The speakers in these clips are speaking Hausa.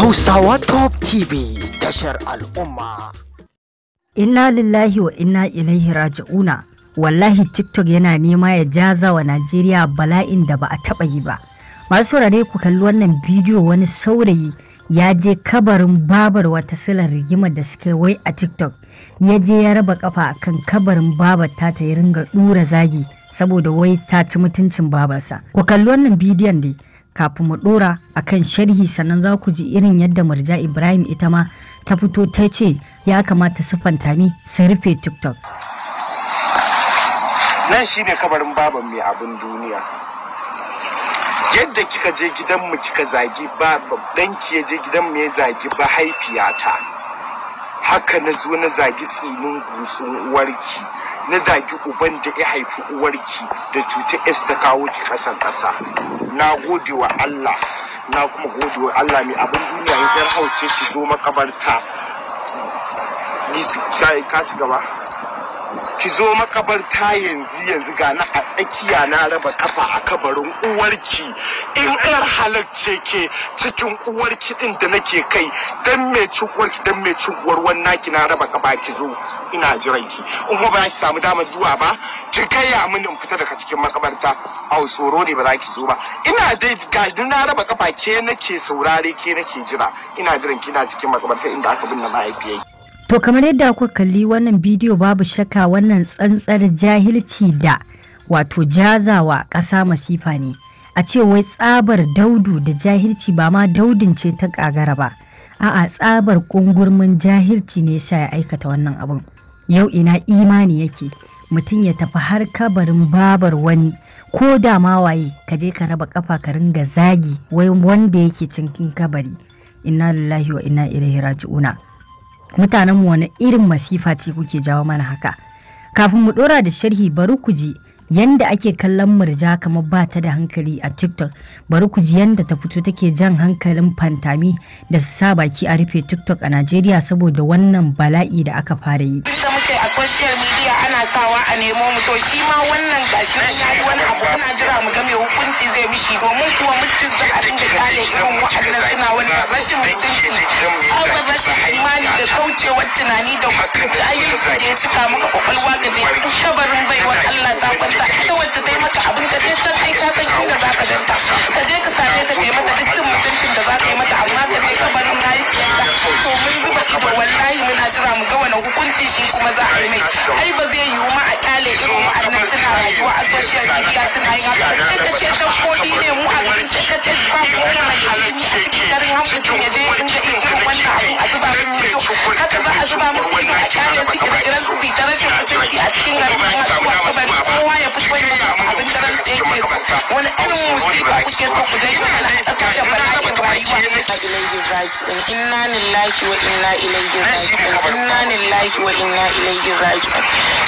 Hausawa Top TV tashar al'umma. Ina lillahi wa inna ilaihi raji'una. Wallahi TikTok yana nema ya jaza wa Najeriya bala'in da ba a taɓa yi ba. Masu saurare ku kalli wannan bidiyo wani saurayi ya je kabarin babar wata silar rigimar da suka wai a TikTok. Ya je ya raba kafa kan kabarin babar ta ta ringa ɗura zagi saboda wai ta ci mutuncin babarsa. Ku kalli wannan bidiyon dai. kafin mu dora a kan sharhi sannan za ku ji irin yadda marja ibrahim ita ma ta fito ta ce ya kamata su tami su rufe tiktok nan shi ne kabarin baban mai abin duniya yadda kika je gidanmu kika zagi ba danki ya je gidanmu ya zagi ba haifiyata haka na zo na zagi tsinin gusun uwarki na zagi uban da ya haifi uwarki da cuta s ta kawo ki kasan kasa na gode wa allah na kuma gode wa allah mai abin duniya ya yar hauce ki zo makabarta ni ka ci gaba ki zo makabarta yanzu yanzu ga a tsakiya na raba kafa a kabarin uwarki in yar halacce ke cikin uwarki ɗin da nake kai don me uwarki don me uwar wannan ki na raba kafa ki zo ina jiran ki in ba ki samu dama zuwa ba ki gaya min in fita daga cikin makabarta a tsoro ne ba za ki zo ba ina dai ga na raba kafa ke nake saurare ke nake jira ina jiran ki na cikin makabarta inda aka binne mahaifiyai To kamar yadda kuka kalli wannan bidiyo babu shakka wannan tsantsar jahilci da wato jazawa ƙasa masifa ne. A ce wai tsabar daudu da jahilci ba ma daudin ce ta ƙagara ba. A'a tsabar ƙungurmin jahilci ne sha ya aikata wannan abin. Yau ina imani yake mutum ya tafi har kabarin babar wani ko da ma waye ka je ka raba kafa ka ringa zagi wai wanda yake cikin kabari. Inna lillahi wa inna ilaihi raji'una. mutanen mu wani irin masifa ce kuke jawo mana haka kafin mu dora da sharhi bari ku ji yanda ake kallon murja kamar ba ta da hankali a tiktok bari ku ji yanda ta fito take jan hankalin fantami da su sa baki a rufe tiktok a najeriya saboda wannan bala'i da aka fara yi social media sawa a nemo mu to shi ma wannan gashi nan yayi wani abu muna jira mu ga me hukunci zai mishi domin kuwa mutum za a dinga kale irin wa'annan suna wani rashin mutunci tsawon rashin imani da kaucewar tunani da ayyukan da ya suka maka kwakwalwa ka je kabarin baiwar Allah ta shari'a suna yin haka da kashe ne a da ka tafi ba ko a cikin ya je ya dinga yin wannan abu a zuba za a zuba musu a kyale su su bi ta rashin a cikin garin masu kowa ya fi son inna ilaihi raji'un inna lillahi wa inna ilaihi raji'un inna lillahi wa inna ilaihi raji'un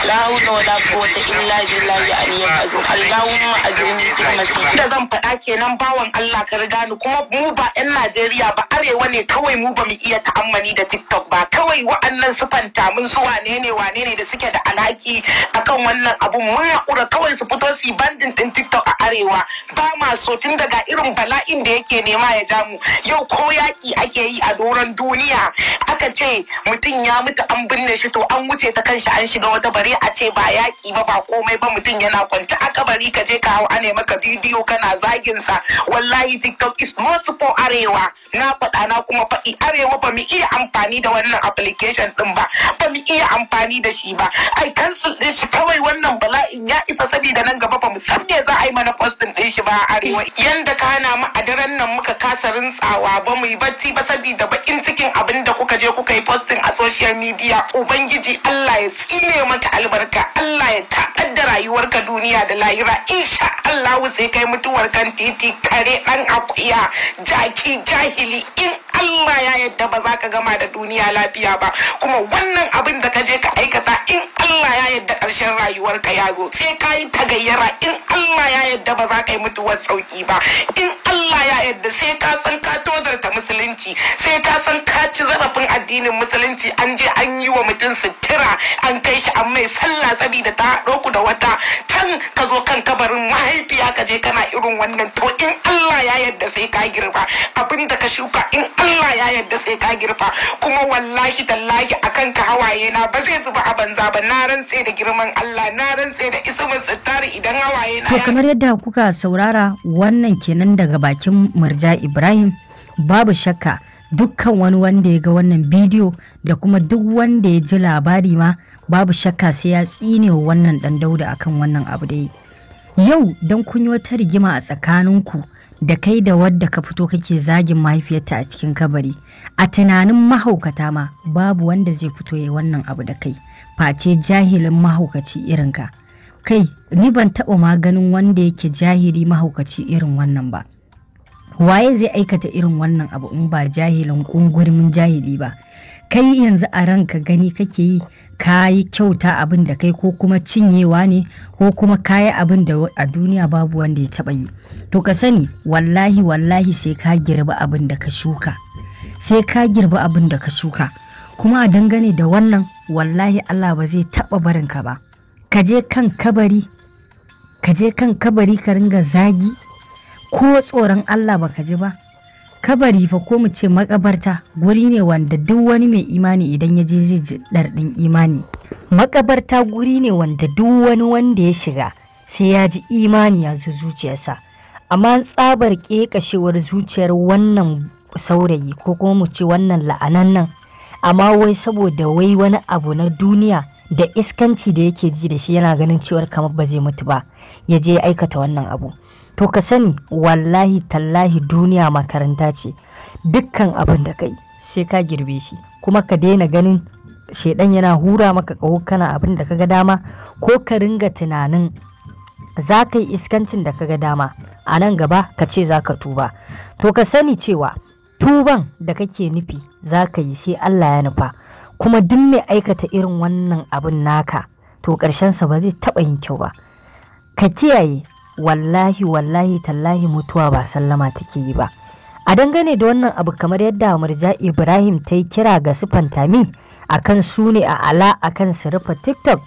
la hawla wala quwwata illa billahi aliyyil azim allahumma ajirni fil masih da zan faɗa kenan bawan Allah ka riga ni kuma mu ba yan Najeriya ba arewa ne kawai mu ba mu iya ta'ammani da TikTok ba kawai wa'annan su fanta mun su wane ne wane ne da suke da alhaki akan wannan abun mun haƙura kawai su fito su bandin din TikTok a arewa ba ma so tun daga irin bala'in da yake nema ya jamu yau ko yaƙi ake yi a doron duniya aka ce mutum ya mutu an binne shi to an wuce ta kanshi an shiga wata bari, a ce ba yaƙi ba ba komai ba mutum yana kwanta a kabari ka je ka hau ane maka bidiyo kana zagin sa wallahi tiktok is not for arewa na faɗa na kuma faɗi arewa ba mu iya amfani da wannan application din ba ba mu iya amfani da shi ba ai cancel din shi kawai wannan bala'in ya isa saboda nan gaba ba mu san me za a yi mana posting din shi ba arewa yanda ka hana mu a daren nan muka kasa rintsawa ba mu yi bacci ba saboda bakin cikin abin da kuka je kuka yi posting a social media ubangiji Allah ya tsine maka albarka Allah ya taɓar da rayuwarka duniya da lahira insha Allah sai kai mutuwar kan titi kare dan akuya jaki jahili in Allah ya yadda ba za ka gama da duniya lafiya ba kuma wannan abin da ka je ka aikata in Allah ya yadda ƙarshen rayuwarka ya zo sai ka yi tagayyara in Allah ya yadda ba za ka yi mutuwar sauki ba in Allah ya yadda sai ka san ka tozarta musulunci sai zarafin addinin musulunci an je an yi wa mutum sutura an kai shi an mai sallah saboda ta ɗauku da wata can ka zo kan kabarin mahaifiya ka je kana irin wannan to in Allah ya yarda sai ka girba abin da ka shuka in Allah ya yarda sai ka girba kuma wallahi tallahi akan ka hawaye na ba zai zuba a banza ba na rantse da girman Allah na rantse da ismin sittari idan hawaye na to kamar yadda kuka saurara wannan kenan daga bakin Murja Ibrahim babu shakka dukkan wani wanda ya ga wannan bidiyo da kuma duk wanda ya ji labari ma babu shakka sai ya tsine wa wannan dan dauda akan wannan abu da yau don kun yi wata rigima a tsakaninku da kai da wadda ka fito kake zagin mahaifiyarta a cikin kabari a tunanin mahaukata ma babu wanda zai fito ya wannan abu da kai face jahilin mahaukaci irinka kai ni ban taɓa ma ganin wanda yake jahili mahaukaci irin wannan ba waye zai aikata irin wannan abu in ba jahilin ƙungurmin jahili ba kai yanzu a ranka gani kake yi ka yi kyauta abin da kai ko kuma cinyewa ne ko kuma ka yi abin da a duniya babu wanda ya taba yi to ka sani wallahi wallahi sai ka girba abin da ka shuka sai ka girbi abin da ka shuka kuma a dangane da wannan wallahi Allah ba zai taɓa barinka ba ka je ka je kan kabari ka ringa zagi ko tsoron Allah baka ji ba kabari fa ko mu ce makabarta guri ne wanda duk wani mai imani idan ya je zai ji ɗarɗin imani makabarta guri ne wanda duk wani wanda ya shiga sai ya ji imani ya zuciyarsa amma tsabar ƙeƙashewar zuciyar wannan saurayi ko kuma mu ce wannan nan amma wai saboda wai wani abu na duniya da iskanci da yake ji da shi yana ganin cewar kamar ba zai mutu ba ya je aikata wannan abu to ka sani wallahi tallahi duniya makaranta ce dukkan abin da kai sai ka girbe shi kuma ka daina ganin shaidan yana hura maka kaho kana abin da kaga dama ko ka ringa tunanin za ka yi iskancin da kaga dama a nan gaba ka ce za ka tuba to ka sani cewa tuban da kake nufi za ka yi sai Allah ya nufa kuma duk mai aikata irin wannan abin naka to ƙarshensa ba zai taɓa yin kyau ba ka kiyaye wallahi wallahi tallahi mutuwa ba sallama take yi ba a dangane da wannan abu kamar yadda murja ibrahim ta yi kira ga su fantami akan su ne a ala akan su rufe tiktok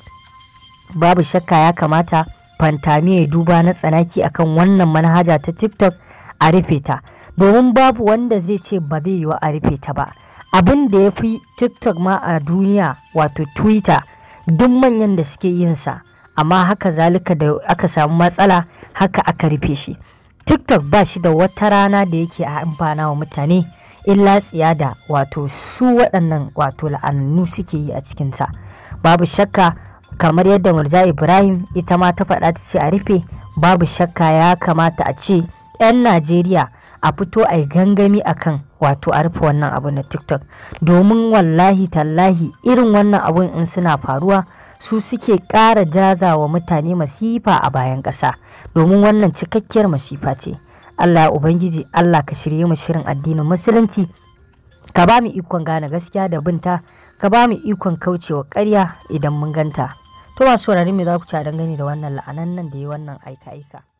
babu shakka ya kamata fantami ya duba na tsanaki akan wannan manhaja ta tiktok a rufe ta domin babu wanda zai ce ba zai yi wa a rufe ta ba abin da ya fi tiktok ma a duniya wato twitter duk manyan da suke yinsa amma haka zalika da aka samu matsala haka aka rufe shi tiktok ba shi da wata rana da yake amfana wa mutane illa tsiya da wato su waɗannan wato la'annu suke yi a cikinta babu shakka kamar yadda murja ibrahim ita ma ta faɗa ta ce a rufe babu shakka ya kamata a ce 'yan najeriya a fito a gangami akan wato a rufe wannan abu na tiktok domin wallahi tallahi irin wannan abun in suna faruwa su suke ƙara wa mutane masifa a bayan ƙasa domin wannan cikakkiyar masifa ce Allah Ubangiji Allah ka shirye mu shirin addinin musulunci ka ba mu ikon gane gaskiya da binta ka ba mu ikon kaucewa ƙarya idan mun ganta to masu saurari me za ku ci a dangane da wannan la'anan nan da yi wannan aika-aika